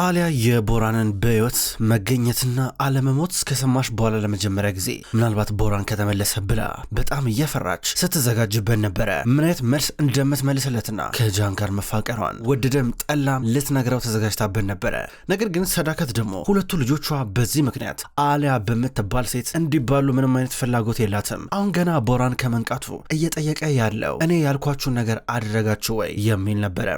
አሊያ የቦራንን በሕይወት መገኘትና አለመሞት ከሰማሽ በኋላ ለመጀመሪያ ጊዜ ምናልባት ቦራን ከተመለሰ ብላ በጣም እየፈራች ስትዘጋጅበት ነበረ። ምን አይነት መልስ እንደምትመልስለትና ከጃን ጋር መፋቀሯን ወደደም ጠላም ልትነግረው ተዘጋጅታበት ነበረ። ነገር ግን ሰዳከት ደግሞ ሁለቱ ልጆቿ በዚህ ምክንያት አሊያ በምትባል ሴት እንዲባሉ ምንም አይነት ፍላጎት የላትም። አሁን ገና ቦራን ከመንቃቱ እየጠየቀ ያለው እኔ ያልኳችሁን ነገር አደረጋችሁ ወይ የሚል ነበረ።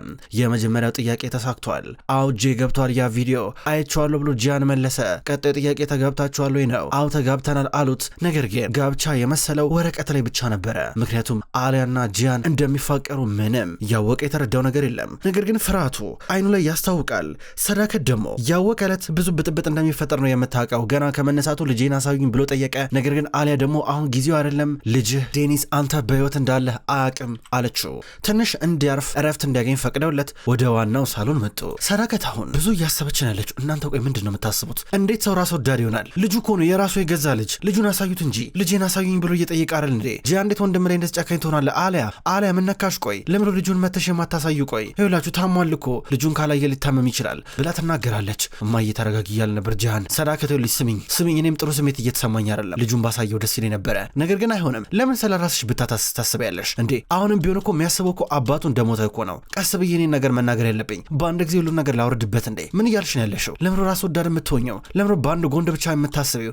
የመጀመሪያው ጥያቄ ተሳክቷል። አውጄ ገብቷል ተጋብቷል ያ ቪዲዮ አይቼዋለሁ ብሎ ጂያን መለሰ። ቀጣይ ጥያቄ ተጋብታችኋል ወይ ነው? አዎ ተጋብተናል አሉት። ነገር ግን ጋብቻ የመሰለው ወረቀት ላይ ብቻ ነበረ። ምክንያቱም አሊያና ጂያን እንደሚፋቀሩ ምንም ያወቀ የተረዳው ነገር የለም። ነገር ግን ፍርሃቱ አይኑ ላይ ያስታውቃል። ሰዳከት ደግሞ ያወቀ ዕለት ብዙ ብጥብጥ እንደሚፈጠር ነው የምታውቀው። ገና ከመነሳቱ ልጄን አሳዩኝ ብሎ ጠየቀ። ነገር ግን አሊያ ደግሞ አሁን ጊዜው አይደለም ልጅህ ዴኒስ አንተ በህይወት እንዳለህ አያውቅም አለችው። ትንሽ እንዲያርፍ እረፍት እንዲያገኝ ፈቅደውለት ወደ ዋናው ሳሎን መጡ። ሰዳከት አሁን ብዙ እያሰበች ነው ያለችው። እናንተ ቆይ ምንድን ነው የምታስቡት? እንዴት ሰው ራስ ወዳድ ይሆናል? ልጁ እኮ ነው የራሱ የገዛ ልጅ። ልጁን አሳዩት እንጂ ልጄን አሳዩኝ ብሎ እየጠየቀ አይደል እንዴ? ጂያ እንዴት ወንድም ላይ እንደዚህ ጨካኝ ትሆናለህ? አሊያ አሊያ ምነካሽ? ቆይ ለምዶ ልጁን መተሽ የማታሳዩ? ቆይ ይኸውላችሁ ታሟል እኮ ልጁን ካላየ ሊታመም ይችላል ብላ ትናገራለች። እማዬ ተረጋጊ እያለ ነበር ጂያን። ሰዳከት ልጅ ስሚኝ ስሚኝ፣ እኔም ጥሩ ስሜት እየተሰማኝ አይደለም። ልጁን ባሳየው ደስ ይለኝ ነበረ፣ ነገር ግን አይሆንም። ለምን ስለ ራስሽ ብታታስ ታስቢያለሽ እንዴ? አሁንም ቢሆን እኮ የሚያስበው እኮ አባቱ እንደሞተ እኮ ነው። ቀስ ብዬ እኔን ነገር መናገር ያለብኝ በአንድ ጊዜ ሁሉን ነገር ላውርድበት እንዴ? ምን እያልሽ ነው ያለሽው? ለምሮ ራስ ወዳድ የምትሆኘው? ለምሮ በአንድ ጎን ብቻ የምታስቢው?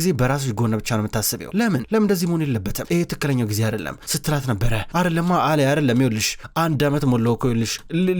ጊዜ በራስሽ ጎን ብቻ ነው የምታስቢው? ለምን ለምን እንደዚህ መሆን የለበትም። ይሄ ትክክለኛው ጊዜ አይደለም ስትላት ነበረ። አይደለማ አለ አይደለም። ይኸውልሽ አንድ ዓመት ሞላው እኮ ይኸውልሽ፣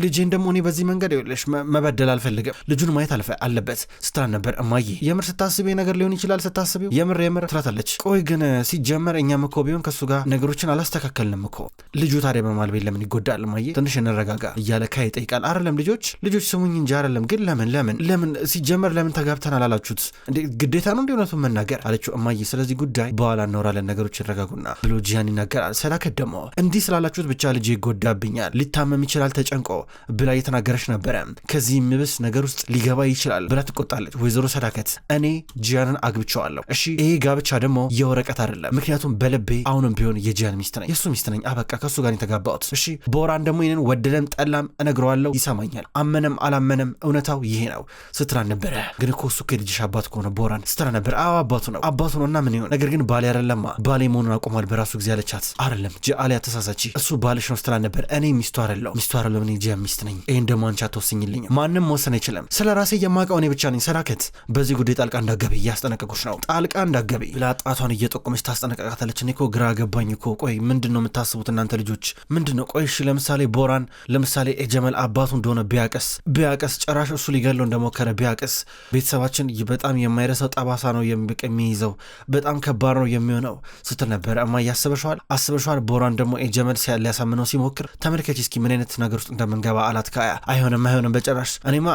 ልጄን ደግሞ እኔ በዚህ መንገድ ይኸውልሽ መበደል አልፈልግም። ልጁን ማየት አለበት ስትላት ነበር። እማዬ የምር ስታስቢ ነገር ሊሆን ይችላል ስታስቢው የምር የምር ትላታለች። ቆይ ግን ሲጀመር እኛም እኮ ቢሆን ከእሱ ጋር ነገሮችን አላስተካከልንም እኮ ልጁ ታዲያ በማልቤት ለምን ይጎዳል? እማዬ ትንሽ እንረጋጋ እያለ ካይ ይጠይቃል። አይደለም ልጆች ልጆች ስሙኝ እንጃ አይደለም ግን ለምን ለምን ለምን ሲጀመር ለምን ተጋብተናል አላችሁት እንዴ? ግዴታ ነው እንዲ እውነቱን መናገር አለችው። እማዬ ስለዚህ ጉዳይ በኋላ እናወራለን፣ ነገሮች ይረጋጉና ብሎ ጂያን ይናገራል። ሰዳከት ደግሞ እንዲህ ስላላችሁት ብቻ ልጅ ይጎዳብኛል፣ ሊታመም ይችላል ተጨንቆ ብላ እየተናገረች ነበረ። ከዚህ የሚብስ ነገር ውስጥ ሊገባ ይችላል ብላ ትቆጣለች። ወይዘሮ ሰዳከት እኔ ጂያንን አግብቸዋለሁ፣ እሺ ይሄ ጋብቻ ደግሞ የወረቀት አይደለም። ምክንያቱም በልቤ አሁንም ቢሆን የጂያን ሚስት ነኝ፣ የእሱ ሚስት ነኝ። አበቃ ከእሱ ጋር የተጋባሁት እሺ። በወራን ደግሞ ይህንን ወደደም ጠላም እነግረዋለሁ፣ ይሰማኛል። አመነም አላመነም እውነታው ይሄ ነው ስትላ ነበረ። ግን እኮ እሱ ከልጅሽ አባት ከሆነ ቦራን ስትላ ነበር። አዎ አባቱ ነው አባቱ ነው እና ምን ይሆን ነገር ግን ባሌ አይደለማ ባሌ መሆኑን አቆሟል በራሱ ጊዜ አለቻት። አይደለም አሊያ ተሳሳች፣ እሱ ባልሽ ነው ስትላ ነበር። እኔ ሚስቱ አይደለሁ ሚስቱ አይደለሁ እኔ ጂያ ሚስት ነኝ። ይህን ደግሞ አንቺ አትወስኝልኝ። ማንም መወሰን አይችልም። ስለ ራሴ የማውቀው እኔ ብቻ ነኝ። ሰናከት በዚህ ጉዳይ ጣልቃ እንዳገቢ እያስጠነቀቁች ነው። ጣልቃ እንዳገቢ ብላ ጣቷን እየጠቆመች ታስጠነቀቃታለች። እኔ እኮ ግራ ገባኝ እኮ ቆይ ምንድን ነው የምታስቡት እናንተ ልጆች ምንድን ነው? ቆይ እሺ ለምሳሌ ቦራን ለምሳሌ የጀመል አባቱ እንደሆነ ቢያቀስ ቢያቀስ ጭራሽ እሱ ሊገለው እንደሞከረ ቢያቅስ ቤተሰባችን በጣም የማይረሳው ጠባሳ ነው የሚይዘው፣ በጣም ከባድ ነው የሚሆነው ስትል ነበረ። እማ እያስበሸዋል አስበሸዋል። ቦራን ደግሞ ጀመል ሊያሳምነው ሲሞክር ተመልከች እስኪ ምን አይነት ነገር ውስጥ እንደምንገባ አላት። ከአያ አይሆንም አይሆንም፣ በጭራሽ እኔማ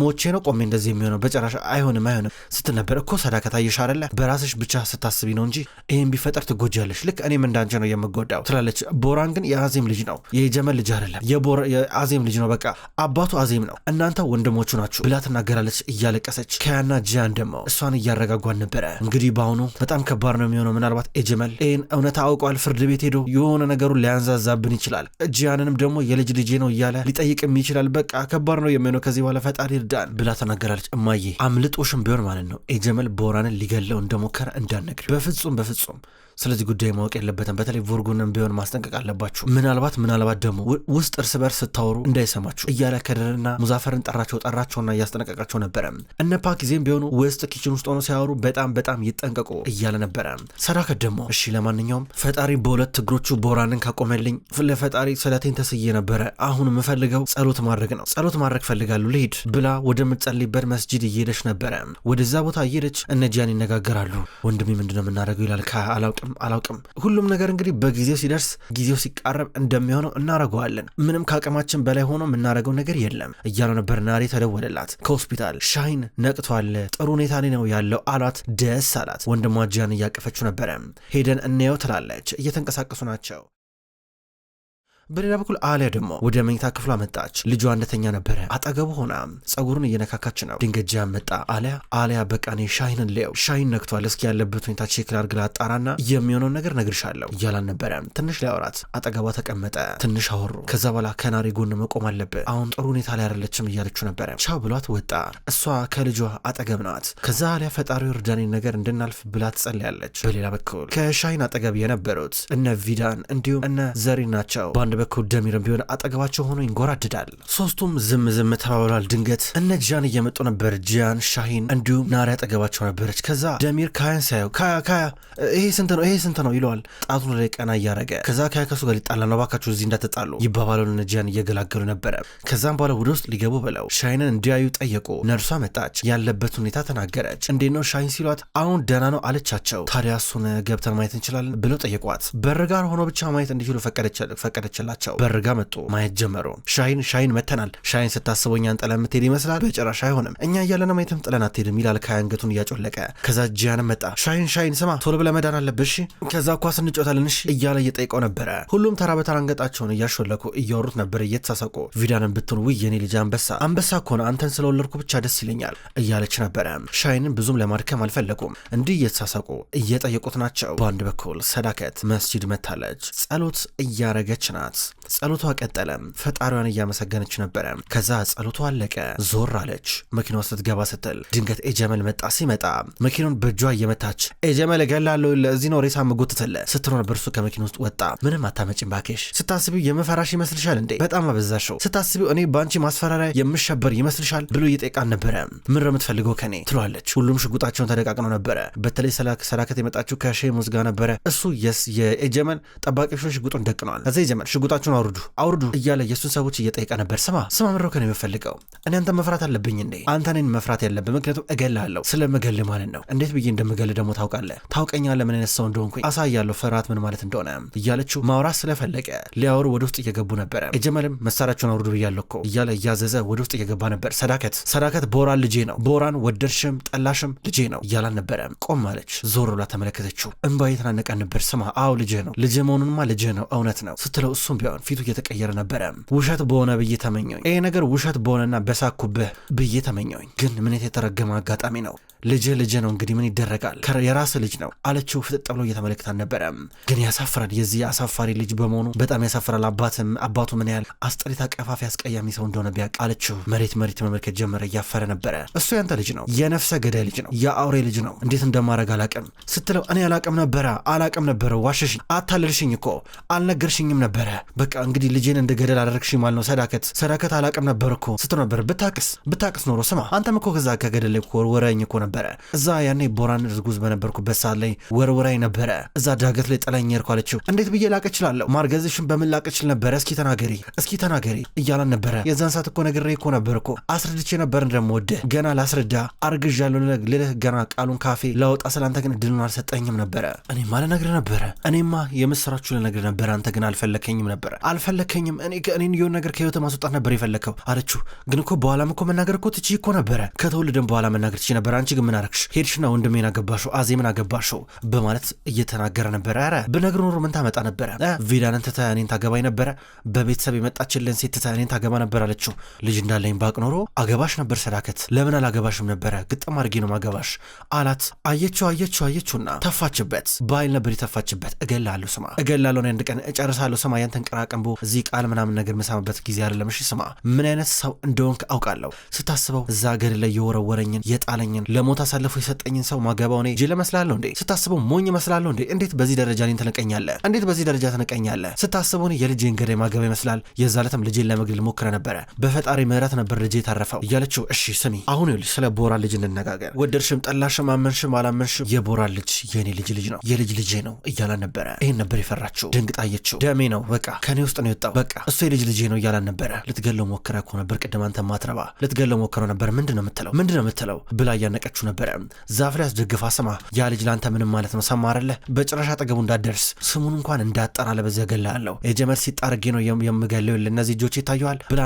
ሞቼ ነው ቆሜ እንደዚህ የሚሆነው በጭራሽ አይሆንም አይሆንም ስትል ነበር። እኮ ሰዳከት አየሽ አይደለ በራስሽ ብቻ ስታስቢ ነው እንጂ ይህን ቢፈጠር ትጎጃለሽ። ልክ እኔም እንዳንቺ ነው የምጎዳው ትላለች። ቦራን ግን የአዜም ልጅ ነው የጀመድ ልጅ አይደለም፣ የአዜም ልጅ ነው። በቃ አባቱ አዜም ነው እናንተ ወንድሞቹ ናቸው ብላ ትናገራለች እያለቀሰች። ከያና ጂያን ደግሞ እሷን እያረጋጓን ነበረ። እንግዲህ በአሁኑ በጣም ከባድ ነው የሚሆነው። ምናልባት ኤጀመል ይህን እውነት አውቋል፣ ፍርድ ቤት ሄዶ የሆነ ነገሩን ሊያንዛዛብን ይችላል። ጂያንንም ደግሞ የልጅ ልጄ ነው እያለ ሊጠይቅም ይችላል። በቃ ከባድ ነው የሚሆነው ከዚህ በኋላ ፈጣሪ እርዳን ብላ ተናገራለች። እማዬ አምልጦሽም ቢሆን ማለት ነው ኤጀመል ቦራንን ሊገለው እንደሞከረ እንዳነግር በፍጹም በፍጹም ስለዚህ ጉዳይ ማወቅ የለበትም። በተለይ ቮርጎንን ቢሆን ማስጠንቀቅ አለባችሁ። ምናልባት ምናልባት ደግሞ ውስጥ እርስ በርስ ስታወሩ እንዳይሰማችሁ እያለ ከደርና ሙዛፈርን እየጠራቸው ጠራቸውና እያስጠነቀቃቸው ነበረ። እነ ፓ ጊዜም ቢሆኑ ውስጥ ኪችን ውስጥ ሆኖ ሲያወሩ በጣም በጣም ይጠንቀቁ እያለ ነበረ። ሰዳከት ደግሞ እሺ ለማንኛውም ፈጣሪ በሁለት እግሮቹ ቦራንን ካቆመልኝ ለፈጣሪ ስለቴን ተስዬ ነበረ። አሁን የምፈልገው ጸሎት ማድረግ ነው። ጸሎት ማድረግ ፈልጋሉ ልሂድ ብላ ወደምትጸልይበት መስጂድ እየሄደች ነበረ። ወደዛ ቦታ እየሄደች እነ ጂያን ይነጋገራሉ። ወንድሜ ምንድነው የምናደርገው ይላል። አላውቅም አላውቅም። ሁሉም ነገር እንግዲህ በጊዜው ሲደርስ ጊዜው ሲቃረብ እንደሚሆነው እናደርገዋለን። ምንም ከአቅማችን በላይ ሆኖ የምናደርገው ነገር የለም እያለው ነበር ናሬ ተደወለላት ከሆስፒታል። ሻይን ነቅቷል፣ ጥሩ ሁኔታ ላይ ነው ያለው አሏት። ደስ አላት። ወንድሟ ጃን እያቀፈችው ነበረ። ሄደን እናየው ትላለች። እየተንቀሳቀሱ ናቸው። በሌላ በኩል አሊያ ደግሞ ወደ መኝታ ክፍሏ መጣች። ልጇ እንደተኛ ነበረ። አጠገቡ ሆና ጸጉሩን እየነካካች ነው። ድንገት ጂያን መጣ። አሊያ አሊያ በቃኔ ሻይንን ሌው ሻይን ነክቷል። እስኪ ያለበት ሁኔታ ቼክ ላድርግ ላጣራና የሚሆነውን ነገር ነግርሻለሁ እያላን ነበረ። ትንሽ ሊያወራት አጠገቧ ተቀመጠ። ትንሽ አወሩ። ከዛ በኋላ ከናሪ ጎን መቆም አለብን፣ አሁን ጥሩ ሁኔታ ላይ አይደለችም እያለችው ነበረ። ቻው ብሏት ወጣ። እሷ ከልጇ አጠገብ ናት። ከዛ አሊያ ፈጣሪ እርዳኔን ነገር እንድናልፍ ብላ ትጸልያለች። በሌላ በኩል ከሻይን አጠገብ የነበሩት እነ ቪዳን እንዲሁም እነ ዘሪን ናቸው። በአንድ በኩል ደሚርም ቢሆን አጠገባቸው ሆኖ ይንጎራድዳል። ሶስቱም ዝም ዝም ተባብሏል። ድንገት እነ ጂያን እየመጡ ነበር። ጂያን፣ ሻሂን እንዲሁም ናሪ አጠገባቸው ነበረች። ከዛ ደሚር ካያን ሲያየው ካያ ካያ ይሄ ስንት ነው ይሄ ስንት ነው ይለዋል፣ ጣቱን ላይ ቀና እያረገ። ከዛ ካያ ከሱ ጋር ሊጣላ ነው ባካችሁ እዚህ እንዳትጣሉ ይባባለውን እነ ጂያን እየገላገሉ ነበረ። ከዛም በኋላ ወደ ውስጥ ሊገቡ ብለው ሻሂንን እንዲያዩ ጠየቁ። ነርሷ መጣች፣ ያለበት ሁኔታ ተናገረች። እንዴት ነው ሻሂን ሲሏት አሁን ደህና ነው አለቻቸው። ታዲያ እሱን ገብተን ማየት እንችላለን ብለው ጠየቋት። በር ጋር ሆኖ ብቻ ማየት እንዲችሉ ፈቀደችላቸው። ስትላቸው በርጋ መጡ። ማየት ጀመሩ። ሻይን ሻይን መተናል። ሻይን ስታስበው እኛን ጥለን የምትሄድ ይመስላል። በጭራሽ አይሆንም። እኛ እያለን ማየትም ጥለን አትሄድም ይላል ካይ አንገቱን እያጮለቀ። ከዛ ጂያንም መጣ። ሻይን ሻይን ስማ፣ ቶሎ ብለህ መዳን አለብሽ፣ ከዛ ኳስ እንጮታልንሽ እያለ እየጠይቀው ነበረ። ሁሉም ተራ በተራ አንገጣቸውን እያሾለኩ እያወሩት ነበር እየተሳሳቁ። ቪዳንን ብትል ውይ የኔ ልጅ አንበሳ አንበሳ ከሆነ አንተን ስለወለድኩ ብቻ ደስ ይለኛል እያለች ነበረ። ሻይንን ብዙም ለማድከም አልፈለጉም። እንዲህ እየተሳሳቁ እየጠየቁት ናቸው። በአንድ በኩል ሰዳከት መስጂድ መታለች። ጸሎት እያረገች ናት። ናት። ጸሎቷ ቀጠለ። ፈጣሪዋን እያመሰገነች ነበረ። ከዛ ጸሎቷ አለቀ። ዞር አለች። መኪናው ስትገባ ስትል ድንገት ኤጀመል መጣ። ሲመጣ መኪናውን በእጇ እየመታች ኤጀመል እገላለሁ፣ ለዚህ ነው ሬሳ መጎትትለ ስትኖር በእርሱ ከመኪና ውስጥ ወጣ። ምንም አታመጭም ባኬሽ። ስታስቢው የመፈራሽ ይመስልሻል እንዴ? በጣም አበዛሽው። ስታስቢው እኔ በአንቺ ማስፈራሪያ የምሸበር ይመስልሻል ብሎ እየጠቃን ነበረ። ምን ነው የምትፈልገው ከኔ ትሏለች። ሁሉም ሽጉጣቸውን ተደቃቅነው ነበረ። በተለይ ሰላከት የመጣችው ከሼሙዝ ጋር ነበረ። እሱ የኤጀመል ጠባቂ ሽጉጡን ደቅነዋል። ከዚ ኤጀመል ሽጉጣችሁን አውርዱ አውርዱ እያለ የእሱን ሰዎች እየጠየቀ ነበር። ስማ ስማ ምድሮክ ነው የምፈልገው እኔ መፍራት አለብኝ እንዴ? አንተ እኔን መፍራት ያለብን ምክንያቱም እገልሃለሁ ስለምገል ማለት ነው። እንዴት ብዬ እንደምገል ደግሞ ታውቃለህ፣ ታውቀኛለህ ምን አይነት ሰው እንደሆንኩኝ አሳያለሁ፣ ፍርሃት ምን ማለት እንደሆነ እያለችው ማውራት ስለፈለቀ ሊያወሩ ወደ ውስጥ እየገቡ ነበረ። የጀመልም መሳሪያችሁን አውርዱ ብያለሁ እኮ እያለ እያዘዘ ወደ ውስጥ እየገባ ነበር። ሰዳከት ሰዳከት ቦራን ልጄ ነው፣ ቦራን ወደድሽም ጠላሽም ልጄ ነው እያላን ነበረ። ቆም አለች፣ ዞር ብላ ተመለከተችው። እንባ የተናነቀ ነበር። ስማ አዎ ልጄ ነው፣ ልጄ መሆኑንማ ልጄ ነው እውነት ነው ስትለው እሱ እሱም ቢሆን ፊቱ እየተቀየረ ነበረ። ውሸት በሆነ ብዬ ተመኘኝ። ይሄ ነገር ውሸት በሆነና በሳኩብህ ብዬ ተመኘኝ። ግን ምኔት የተረገመ አጋጣሚ ነው። ልጅ ልጅ ነው እንግዲህ ምን ይደረጋል የራስ ልጅ ነው አለችው። ፍጥጥ ብሎ እየተመለከተ አልነበረም። ግን ያሳፍራል። የዚህ አሳፋሪ ልጅ በመሆኑ በጣም ያሳፍራል። አባትም አባቱ ምን ያህል አስጠሪታ፣ ቀፋፊ፣ አስቀያሚ ሰው እንደሆነ ቢያውቅ አለችው። መሬት መሬት መመልከት ጀመረ። እያፈረ ነበረ። እሱ ያንተ ልጅ ነው፣ የነፍሰ ገዳይ ልጅ ነው፣ የአውሬ ልጅ ነው። እንዴት እንደማድረግ አላቅም ስትለው እኔ አላቅም ነበረ አላቅም ነበረ። ዋሸሽኝ፣ አታለልሽኝ እኮ አልነገርሽኝም ነበረ። በቃ እንግዲህ ልጄን እንደ ገደል አደረግሽኝ ማለት ነው። ሰዳከት ሰዳከት አላቅም ነበር እኮ ስትለው ነበር። ብታቅስ ብታቅስ ኖሮ ስማ አንተም እኮ ከዛ ከገደል ወረኝ እኮ ነበር ነበረ። እዛ ያኔ ቦራን እርጉዝ በነበርኩበት ሰዓት ላይ ወርውራይ ነበረ። እዛ ዳገት ላይ ጥላኝ ሄድኩ አለችው። እንዴት ብዬ ላቅ እችላለሁ? ማርገዝሽን በምን ላቅ እችል ነበረ? እስኪ ተናገሪ፣ እስኪ ተናገሪ እያላን ነበረ። የዛን ሰዓት እኮ ነግሬ እኮ ነበር እኮ አስረድቼ ነበር። እንደምወደ ገና ላስረዳ አርግዣለሁ ልልህ ገና ቃሉን ካፌ ላወጣ ስላንተ ግን እድሉን አልሰጠኝም ነበረ። እኔማ ልነግርህ ነበረ። እኔማ የምስራችሁ ልነግርህ ነበረ። አንተ ግን አልፈለከኝም ነበረ፣ አልፈለከኝም። እኔ እኔን የሆን ነገር ከህይወት ማስወጣት ነበር የፈለከው አለችው። ግን እኮ በኋላም እኮ መናገር እኮ ትችይ እኮ ነበረ። ከተወልደን በኋላ መናገር ትችይ ነበር አንቺ ምን አረግሽ? ሄድሽና ወንድሜን አገባሽው፣ ምን አገባሽው በማለት እየተናገረ ነበረ። ኧረ ብነግር ኖሮ ምን ታመጣ ነበረ? ቪዳንን ትታ እኔን ታገባኝ ነበረ። በቤተሰብ የመጣችልን ሴት ትታ እኔን ታገባ ነበር አለችው። ልጅ እንዳለኝ ባቅ ኖሮ አገባሽ ነበር። ሰዳከት ለምን አላገባሽም ነበረ? ግጥም አድርጌ ነው ማገባሽ አላት። አየችው አየችው አየችውና ተፋችበት። በኃይል ነበር የተፋችበት። እገላለሁ ስማ፣ እገላለሁ አንድ ቀን እጨርሳለሁ ስማ። ያንተን ቀራቀንቦ እዚህ ቃል ምናምን ነገር መሳምበት ጊዜ አይደለም። እሺ ስማ፣ ምን አይነት ሰው እንደሆንክ አውቃለሁ። ስታስበው እዛ ገድ ላይ የወረወረኝን የጣለኝን ለሞ ለሞት አሳልፎ የሰጠኝን ሰው ማገባው እኔ ጅል እመስላለሁ እንዴ? ስታስበው ሞኝ እመስላለሁ እንዴ? እንዴት በዚህ ደረጃ እኔን ትንቀኛለህ? እንዴት በዚህ ደረጃ ትንቀኛለህ? ስታስበው እኔ የልጄን ገዳይ ማገባ ይመስላል። የዛ ዕለትም ልጄን ለመግደል ሞክረ ነበረ። በፈጣሪ ምሕረት ነበር ልጄ ታረፈው እያለችው። እሺ ስሚ፣ አሁን ይኸውልሽ ስለ ቦራ ልጅ እንነጋገር። ወደድሽም ጠላሽም፣ አመንሽም አላመንሽም የቦራ ልጅ የእኔ ልጅ ልጅ ነው የልጅ ልጄ ነው እያላን ነበረ። ይህን ነበር የፈራችው። ድንግጣየችው። ደሜ ነው በቃ ከኔ ውስጥ ነው የወጣው። በቃ እሱ የልጅ ልጄ ነው እያላን ነበረ። ልትገለው ሞከረ እኮ ነበር ቅድም አንተ ማትረባ ልትገለው ሞከረው ነበር። ምንድን ነው የምትለው? ምንድን ነው የምትለው ብላ እያነቀች እያላችሁ ነበረ። ዛፍ ላይ አስደግፋ ስማ፣ ያ ልጅ ለአንተ ምንም ማለት ነው ሰማ አለ። በጭራሽ አጠገቡ እንዳትደርስ ስሙን እንኳን እንዳጠና ለበዚያ እገልሃለሁ። የጀመር ሲጣርጌ ነው የምገለው እነዚህ እጆች ይታየዋል ብላ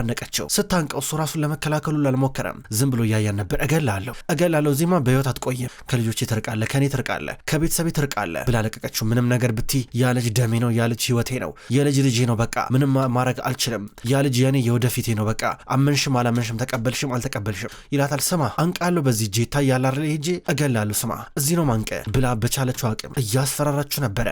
ስታንቀው እሱ ራሱን ለመከላከሉ ላልሞከረም ዝም ብሎ እያያን ነበር። እገልሃለሁ፣ እገልሃለሁ፣ እዚህማ በህይወት አትቆይም። ከልጆች ትርቃለ፣ ከእኔ ትርቃለ፣ ከቤተሰቤ ትርቃለ ብላ ለቀቀችው። ምንም ነገር ብቲ ያ ልጅ ደሜ ነው፣ ያ ልጅ ህይወቴ ነው፣ የልጅ ልጄ ነው። በቃ ምንም ማድረግ አልችልም። ያ ልጅ የእኔ የወደፊቴ ነው። በቃ አመንሽም አላመንሽም፣ ተቀበልሽም አልተቀበልሽም ይላታል። ስማ አንቃለሁ፣ በዚህ እጄ ይታያል ትፈልጋለህ አይደል? ሄጄ እገልሃለሁ። ስማ እዚህ ነው ማንቀ ብላ በቻለችው አቅም እያስፈራራችሁ ነበረ።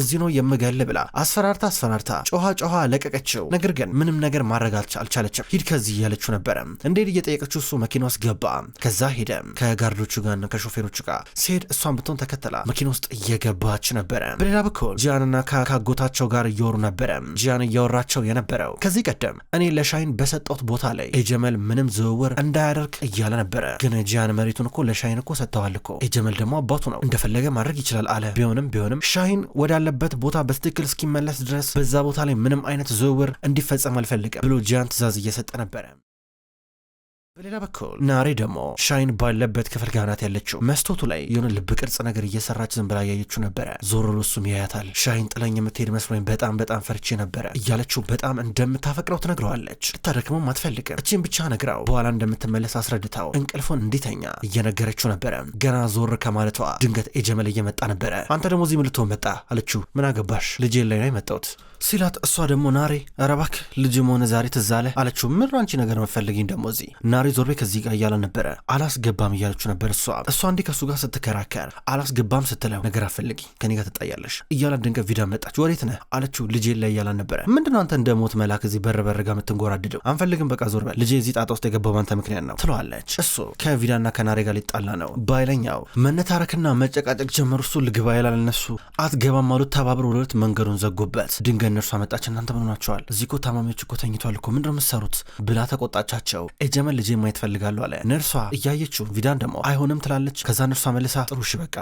እዚህ ነው የምገል ብላ አስፈራርታ አስፈራርታ ጮኋ ጮኋ ለቀቀችው። ነገር ግን ምንም ነገር ማድረግ አልቻለችም። ሂድ ከዚህ እያለችው ነበረ። እንዴት እየጠየቀችው እሱ መኪና ውስጥ ገባ። ከዛ ሄደ ከጋርዶቹ ጋርና ከሾፌሮቹ ጋር ሲሄድ እሷን ብትሆን ተከተላ መኪና ውስጥ እየገባች ነበረ። በሌላ በኩል ጂያንና ካጎታቸው ጋር እየወሩ ነበረ። ጂያን እያወራቸው የነበረው ከዚህ ቀደም እኔ ለሻይን በሰጠሁት ቦታ ላይ የጀመል ምንም ዝውውር እንዳያደርግ እያለ ነበረ። ግን ጂያን መሬቱን እኮ ሻሂን እኮ ሰጥተዋል እኮ የጀመል ደግሞ አባቱ ነው እንደፈለገ ማድረግ ይችላል አለ። ቢሆንም ቢሆንም ሻይን ወዳለበት ቦታ በትክክል እስኪመለስ ድረስ በዛ ቦታ ላይ ምንም አይነት ዝውውር እንዲፈጸም አልፈልግም ብሎ ጂያን ትዕዛዝ እየሰጠ ነበረ። በሌላ በኩል ናሬ ደግሞ ሻይን ባለበት ክፍል ጋር ያለችው። መስቶቱ ላይ የሆነ ልብ ቅርጽ ነገር እየሰራች ዝም ብላ እያየችው ነበረ። ዞሮ ብሎ እሱም ያያታል። ሻይን ጥለኝ የምትሄድ መስሎኝ በጣም በጣም ፈርቼ ነበረ እያለችው በጣም እንደምታፈቅረው ትነግረዋለች። ልታደክመውም አትፈልግም። እችን ብቻ ነግራው በኋላ እንደምትመለስ አስረድታው እንቅልፎን እንዲተኛ እየነገረችው ነበረ። ገና ዞር ከማለቷ ድንገት ኤጀመል እየመጣ ነበረ። አንተ ደግሞ እዚህ ምልቶ መጣ አለችው። ምን አገባሽ ልጄ ላይ ነው የመጣሁት ሲላት እሷ ደግሞ ናሬ ረባክ ልጅ መሆነ ዛሬ ትዛለ አለችው። ምን አንቺ ነገር መፈለግኝ ደግሞ እዚህ ናሬ ዞርቤ ከዚህ ጋር እያለ ነበረ አላስገባም እያለችው ነበር። እሷ እሷ እንዲህ ከእሱ ጋር ስትከራከር አላስገባም ስትለው ነገር አፈልጊ ከኔ ጋር ትጣያለሽ እያለ ድንገት ቪዳ መጣች። ወዴት ነህ አለችው። ልጄ ላይ እያለ ነበረ። ምንድነው አንተ እንደ ሞት መላክ እዚህ በርበር ጋር የምትንጎራድደው? አንፈልግም በቃ ዞር ልጄ እዚህ ጣጣ ውስጥ የገባው ባንተ ምክንያት ነው ትለዋለች። እሱ ከቪዳና ከናሬ ጋር ሊጣላ ነው ባይለኛው መነታረክና መጨቃጨቅ ጀመሩ። እሱ ልግባ ይላል አትገባም አሉት። ተባብሮ ሁለት መንገዱን ዘጉበት ድንገ እነርሱ አመጣች። እናንተ ምን ሆናችኋል? እዚህ እኮ ታማሚዎች እኮ ተኝቷል እኮ ምንድነው የምትሰሩት? ብላ ተቆጣቻቸው። ኤጀመል ልጄ ማየት ፈልጋለሁ አለ። ነርሷ እያየችው ቪዳን ደግሞ አይሆንም ትላለች። ከዛ ነርሷ መልሳ ጥሩ እሺ በቃ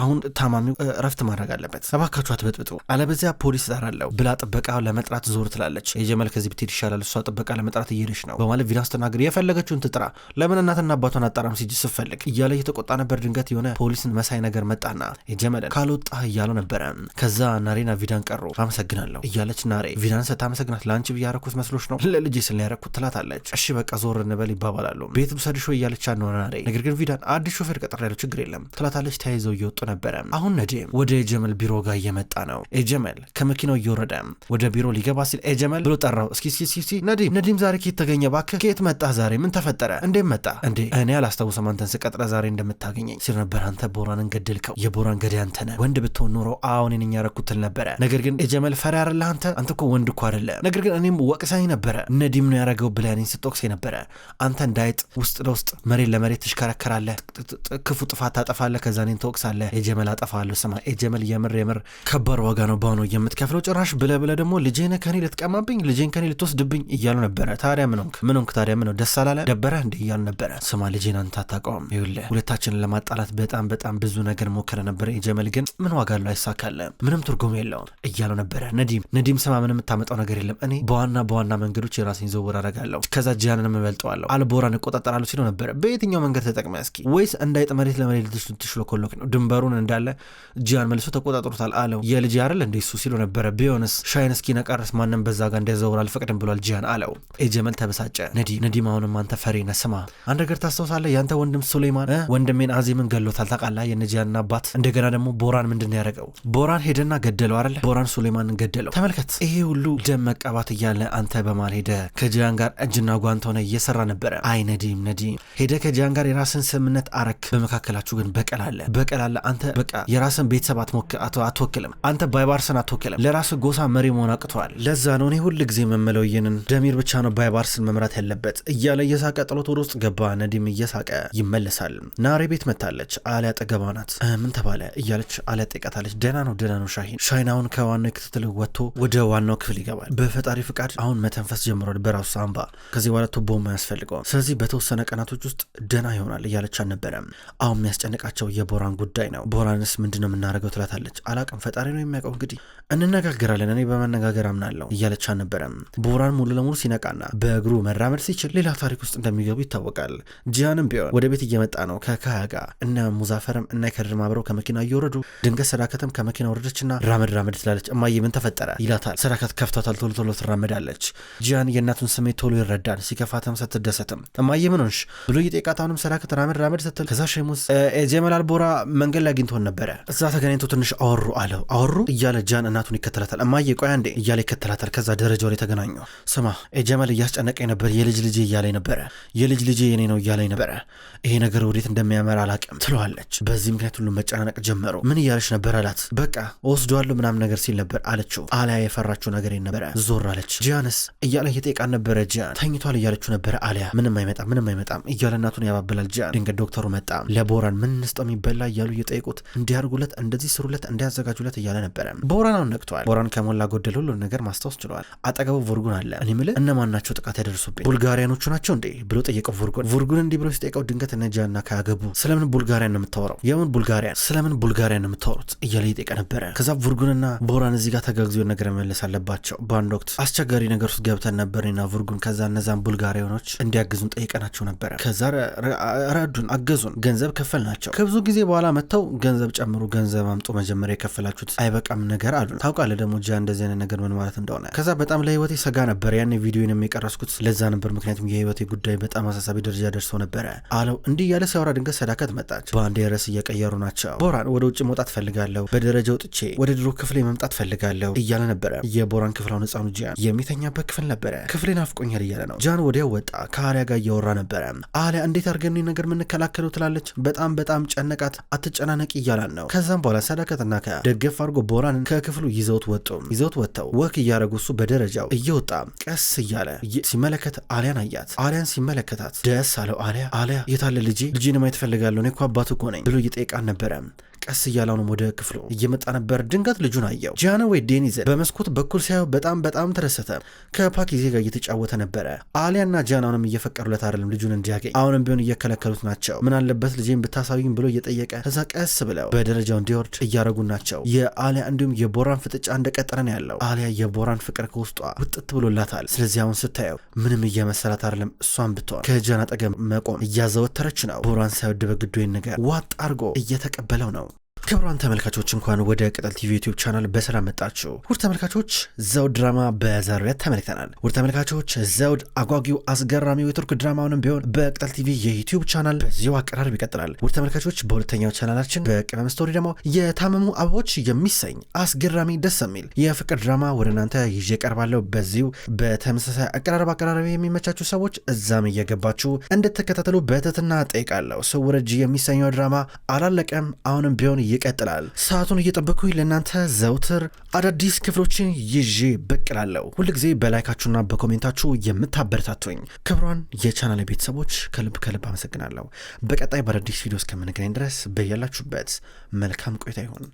አሁን ታማሚው እረፍት ማድረግ አለበት፣ እባካችሁ አትበጥብጡ፣ አለበዚያ ፖሊስ እጠራለሁ ብላ ጥበቃ ለመጥራት ዞር ትላለች። ኤጀመል ከዚህ ብትሄድ ይሻላል፣ እሷ ጥበቃ ለመጥራት እየሄደች ነው በማለት ቪዳን ስትናገር የፈለገችውን ትጥራ፣ ለምን እናትና አባቷን አጣራም ሲጅ ስፈልግ እያለ እየተቆጣ ነበር። ድንገት የሆነ ፖሊስን መሳይ ነገር መጣና ኤጀመልን ካልወጣ እያለው ነበረ። ከዛ ናሬና ቪዳን ቀሩ። አመሰግናለሁ እያለች ናሬ ቪዳን ስታመሰግናት ለአንቺ ብያረኩት መስሎች ነው ለልጅ ስል ያረኩት ትላታለች። እሺ በቃ ዞር እንበል ይባባላሉ። ቤት ብሰድሾ እያለች ነው ናሬ። ነገር ግን ቪዳን አዲስ ሾፌር ቀጥር ያለው ችግር የለም ትላታለች። ተያይዘው እየወጡ ነበረ። አሁን ነጂም ወደ ኤጀመል ቢሮ ጋር እየመጣ ነው። ኤጀመል ከመኪናው እየወረደ ወደ ቢሮ ሊገባ ሲል ኤጀመል ብሎ ጠራው። እስኪ ሲሲሲ ነዲም ነዲም ዛሬ ኬት ተገኘ ባክህ? ኬት መጣህ? ዛሬ ምን ተፈጠረ? እንዴት መጣ እንዴ? እኔ አላስታውሰም አንተን ስቀጥረ ዛሬ እንደምታገኘኝ ሲል ነበር። አንተ ቦራንን ገደልከው። የቦራን ገዳይ አንተነ ወንድ ብትሆን ኖሮ አሁን ያረኩትል ነበረ። ነገር ግን ኤጀመል ፈሪ ታውቃለህ አንተ አንተ እኮ ወንድ እኮ አይደለም። ነገር ግን እኔም ወቅሳኝ ነበረ እነ ዲም ነው ያደረገው ብለህ እኔን ስትወቅሰኝ ነበረ። አንተ እንዳይጥ ውስጥ ለውስጥ መሬት ለመሬት ትሽከረከራለ ክፉ ጥፋት ታጠፋለ ከዛ እኔን ትወቅሳለህ። የጀመል አጠፋለሁ። ስማ የጀመል የምር የምር ከባድ ዋጋ ነው በአሁኑ የምትከፍለው። ጭራሽ ብለ ብለ ደግሞ ልጄነ ከኔ ልትቀማብኝ፣ ልጄን ከኔ ልትወስድብኝ እያሉ ነበረ። ታዲያ ምንንክ ምንንክ ታዲያ ምን ነው ደስ አላለ? ደበረ እንዲ እያሉ ነበረ። ስማ ልጄን አንተ አታውቀውም። ይውለ ሁለታችንን ለማጣላት በጣም በጣም ብዙ ነገር ሞከረ ነበረ። የጀመል ግን ምን ዋጋ አለው አይሳካለም፣ ምንም ትርጉም የለውም እያሉ ነበረ ነዲም ነዲም ስማ ምን የምታመጣው ነገር የለም። እኔ በዋና በዋና መንገዶች የራሴን ዘውር አደርጋለሁ፣ ከዛ ጂያንንም እበልጠዋለሁ፣ አልቦራን እቆጣጠራለሁ ሲለው ነበረ። በየትኛው መንገድ ተጠቅመ እስኪ? ወይስ እንዳይጥ መሬት ለመሬት ልትሽሎኮሎክ ነው? ድንበሩን እንዳለ ጃን መልሶ ተቆጣጥሮታል አለው። የልጅ አይደል እንደ እሱ ሲለው ነበረ። ቢሆንስ ሻይን እስኪ እስኪነቃረስ ማንም በዛ ጋር እንዳይዘውር አልፈቅድም ብሏል ጃን አለው። ኤጀመል ተበሳጨ። ነዲ ነዲም፣ አሁንም አንተ ፈሬነ ስማ አንድ ነገር ታስታውሳለህ? ያንተ ወንድም ሱሌይማን ወንድሜን አዚምን ገሎታል ታውቃለህ? የነ አባት። እንደገና ደግሞ ቦራን ምንድን ያደረገው? ቦራን ሄደና ገደለው አለ። ቦራን ሱሌይማንን ገደለው ተመልከት። ይሄ ሁሉ ደም መቀባት እያለ አንተ በማል ሄደ ከጂያን ጋር እጅና ጓንት ሆነ እየሰራ ነበረ። አይ ነዲም ነዲም ሄደ ከጂያን ጋር የራስን ስምምነት አረክ። በመካከላችሁ ግን በቀል አለ በቀል አለ። አንተ በቃ የራስን ቤተሰብ አትወክልም። አንተ ባይባርስን አትወክልም። ለራስ ጎሳ መሪ መሆን አቅተዋል። ለዛ ነው እኔ ሁል ጊዜ የምመለው ይህንን ደሚር ብቻ ነው ባይባርስን መምራት ያለበት እያለ እየሳቀ ጥሎት ወደ ውስጥ ገባ። ነዲም እየሳቀ ይመለሳል። ናሬ ቤት መታለች። አሊያ አጠገቧ ናት። ምን ተባለ እያለች አሊያ ጠይቃታለች። ደህና ነው ደህና ነው ሻሂን ሻይናውን ከዋናው የክትትል ወጥቶ ወደ ዋናው ክፍል ይገባል። በፈጣሪ ፍቃድ አሁን መተንፈስ ጀምሯል በራሱ ሳምባ። ከዚህ በኋላ ቱቦም ያስፈልገዋል። ስለዚህ በተወሰነ ቀናቶች ውስጥ ደና ይሆናል እያለች አልነበረም። አሁን የሚያስጨንቃቸው የቦራን ጉዳይ ነው። ቦራንስ ምንድነው የምናደርገው ትላታለች። አላቅም፣ ፈጣሪ ነው የሚያውቀው። እንግዲህ እንነጋገራለን፣ እኔ በመነጋገር አምናለሁ እያለች አልነበረም። ቦራን ሙሉ ለሙሉ ሲነቃና በእግሩ መራመድ ሲችል ሌላ ታሪክ ውስጥ እንደሚገቡ ይታወቃል። ጂያንም ቢሆን ወደ ቤት እየመጣ ነው ከካያ ጋር። እነ ሙዛፈርም እነ ከድር ማብረው ከመኪና እየወረዱ ድንገት ሰዳከተም ከመኪና ወረደችና ራመድ ራመድ ትላለች። እማዬ ምን ተፈጠረ ይላታል። ሰዳከት ከፍታታል። ቶሎ ቶሎ ትራመዳለች። ጂያን የእናቱን ስሜት ቶሎ ይረዳል። ሲከፋትም ስትደሰትም እማዬ ምን ሆንሽ ብሎ እየጠየቃት አሁንም ራመድ ራመድ ስትል ከዛ ሸሙስ ጀመል አልቦራ መንገድ ላይ አግኝቶን ነበረ። እዛ ተገናኝቶ ትንሽ አወሩ አለው አወሩ እያለ ጂያን እናቱን ይከተላታል። እማዬ ቆይ አንዴ እያለ ይከተላታል። ከዛ ደረጃው ላይ ተገናኙ። ስማ ጀመል እያስጨነቀኝ ነበር። የልጅ ልጄ እያለ ነበረ የልጅ ልጄ የኔ ነው እያለ ነበረ። ይሄ ነገር ወዴት እንደሚያመራ አላቅም ትለዋለች። በዚህ ምክንያት ሁሉም መጨናነቅ ጀመሩ። ምን እያለች ነበር አላት። በቃ ወስዷለሁ ምናምን ነገር ሲል ነበር አለችው። አሊያ የፈራችው ነገር ነበረ። ዞር አለች። ጂያንስ እያለ እየጠቃን ነበረ። ጂያን ተኝቷል እያለችው ነበረ። አሊያ ምንም አይመጣም፣ ምንም አይመጣም እያለ እናቱን ያባብላል። ጂያን ድንገት ዶክተሩ መጣ። ለቦራን ምን ንስጠው የሚበላ እያሉ እየጠየቁት እንዲያርጉለት፣ እንደዚህ ስሩለት፣ እንዲያዘጋጁለት እያለ ነበረ። ቦራን አሁን ነቅቷል። ቦራን ከሞላ ጎደል ሁሉን ነገር ማስታወስ ችሏል። አጠገቡ ቮርጉን አለ። እኔ ምልህ እነማን ናቸው ጥቃት ያደርሱብኝ? ቡልጋሪያኖቹ ናቸው እንዴ ብሎ ጠየቀው ቮርጉን። ቮርጉን እንዲህ ብሎ ሲጠይቀው ድንገት እነ ጂያንና ካያገቡ ስለምን ቡልጋሪያን ነው የምታወራው? የምን ቡልጋሪያን ስለምን ቡልጋሪያን ነው የምታወሩት? እያለ እየጠየቀ ነበረ። ከዛ ቮርጉንና ቦራን እዚህ ጋር ተጋግዞ ነገር መለስ አለባቸው። በአንድ ወቅት አስቸጋሪ ነገር ውስጥ ገብተን ነበር ና ቡርጉን፣ ከዛ እነዛን ቡልጋሪያኖች እንዲያግዙን ጠይቀናቸው ነበረ። ከዛ ረዱን፣ አገዙን፣ ገንዘብ ከፈል ናቸው። ከብዙ ጊዜ በኋላ መጥተው ገንዘብ ጨምሩ፣ ገንዘብ አምጡ፣ መጀመሪያ የከፈላችሁት አይበቃም ነገር አሉ። ታውቃለህ ደግሞ ጃ እንደዚህ አይነት ነገር ምን ማለት እንደሆነ። ከዛ በጣም ለህይወቴ ሰጋ ነበር። ቪዲዮ ቪዲዮን የቀረስኩት ለዛ ነበር፣ ምክንያቱም የህይወቴ ጉዳይ በጣም አሳሳቢ ደረጃ ደርሶ ነበረ አለው። እንዲህ እያለ ሲያወራ ድንገት ሰዳከት መጣች። በአንድ ርዕስ እየቀየሩ ናቸው። ቦራን ወደ ውጭ መውጣት ፈልጋለሁ፣ በደረጃ ወጥቼ ወደ ድሮ ክፍሌ መምጣት ፈልጋለሁ እያለ እያለ ነበረ። የቦራን ክፍል አሁን ህፃኑ ጂያን የሚተኛበት ክፍል ነበረ። ክፍሌ ናፍቆኛል እያለ ነው። ጃን ወዲያው ወጣ። ከአሊያ ጋር እያወራ ነበረ። አሊያ እንዴት አድርገን ነገር የምንከላከለው ትላለች። በጣም በጣም ጨነቃት። አትጨናነቅ እያላን ነው። ከዛም በኋላ ሰዳከትና ከደገፍ አድርጎ ቦራን ከክፍሉ ይዘውት ወጡ። ይዘውት ወጥተው ወክ እያደረጉ እሱ በደረጃው እየወጣ ቀስ እያለ ሲመለከት አሊያን አያት። አሊያን ሲመለከታት ደስ አለው። አሊያ አሊያ የታለ ልጄ? ልጄን ማየት እፈልጋለሁ። እኔ እኮ አባት እኮ ነኝ ብሎ እየጠየቃን ነበረ። ቀስ ነው ወደ ክፍሉ እየመጣ ነበር። ድንገት ልጁን አየው። ጃንዌ ዴኒዘን በመስኮት በኩል ሲያየው በጣም በጣም ተደሰተ። ከፓኪዜ ጋር እየተጫወተ ነበረ። አሊያና ጃናውንም እየፈቀዱለት አይደለም ልጁን እንዲያገኝ፣ አሁንም ቢሆን እየከለከሉት ናቸው። ምን አለበት ልጄን ብታሳዩኝ ብሎ እየጠየቀ ከዛ ቀስ ብለው በደረጃው እንዲወርድ እያረጉ ናቸው። የአሊያ እንዲሁም የቦራን ፍጥጫ እንደቀጠረ ነው ያለው። አሊያ የቦራን ፍቅር ከውስጧ ውጥት ብሎላታል። ስለዚህ አሁን ስታየው ምንም እየመሰላት አይደለም። እሷን ብትሆን ከጃን አጠገብ መቆም እያዘወተረች ነው። ቦራን ሳይወድ በግዱ ነገር ዋጥ አድርጎ እየተቀበለው ነው። ክብሯን ተመልካቾች እንኳን ወደ ቅጠል ቲቪ ዩቲዩብ ቻናል በሰላም መጣችሁ። ውድ ተመልካቾች ዘውድ ድራማ በዛሬው ዕለት ተመልክተናል። ውድ ተመልካቾች ዘውድ አጓጊው አስገራሚው የቱርክ ድራማውንም ቢሆን በቅጠል ቲቪ የዩቲዩብ ቻናል በዚሁ አቀራረብ ይቀጥላል። ውድ ተመልካቾች በሁለተኛው ቻናላችን በቅመም ስቶሪ ደግሞ የታመሙ አበቦች የሚሰኝ አስገራሚ ደስ የሚል የፍቅር ድራማ ወደ እናንተ ይዤ ቀርባለሁ። በዚሁ በተመሳሳይ አቀራረብ አቀራረቢ የሚመቻችሁ ሰዎች እዛም እየገባችሁ እንድትከታተሉ በትህትና ጠይቃለሁ። ስውር እጅ የሚሰኘው ድራማ አላለቀም። አሁንም ቢሆን ይቀጥላል። ሰዓቱን እየጠበኩኝ ለእናንተ ዘውትር አዳዲስ ክፍሎችን ይዤ ብቅ እላለሁ። ሁልጊዜ በላይካችሁና በኮሜንታችሁ የምታበረታቱኝ ክብሯን የቻናል ቤተሰቦች ከልብ ከልብ አመሰግናለሁ። በቀጣይ በአዳዲስ ቪዲዮ እስከምንገናኝ ድረስ በያላችሁበት መልካም ቆይታ ይሁን።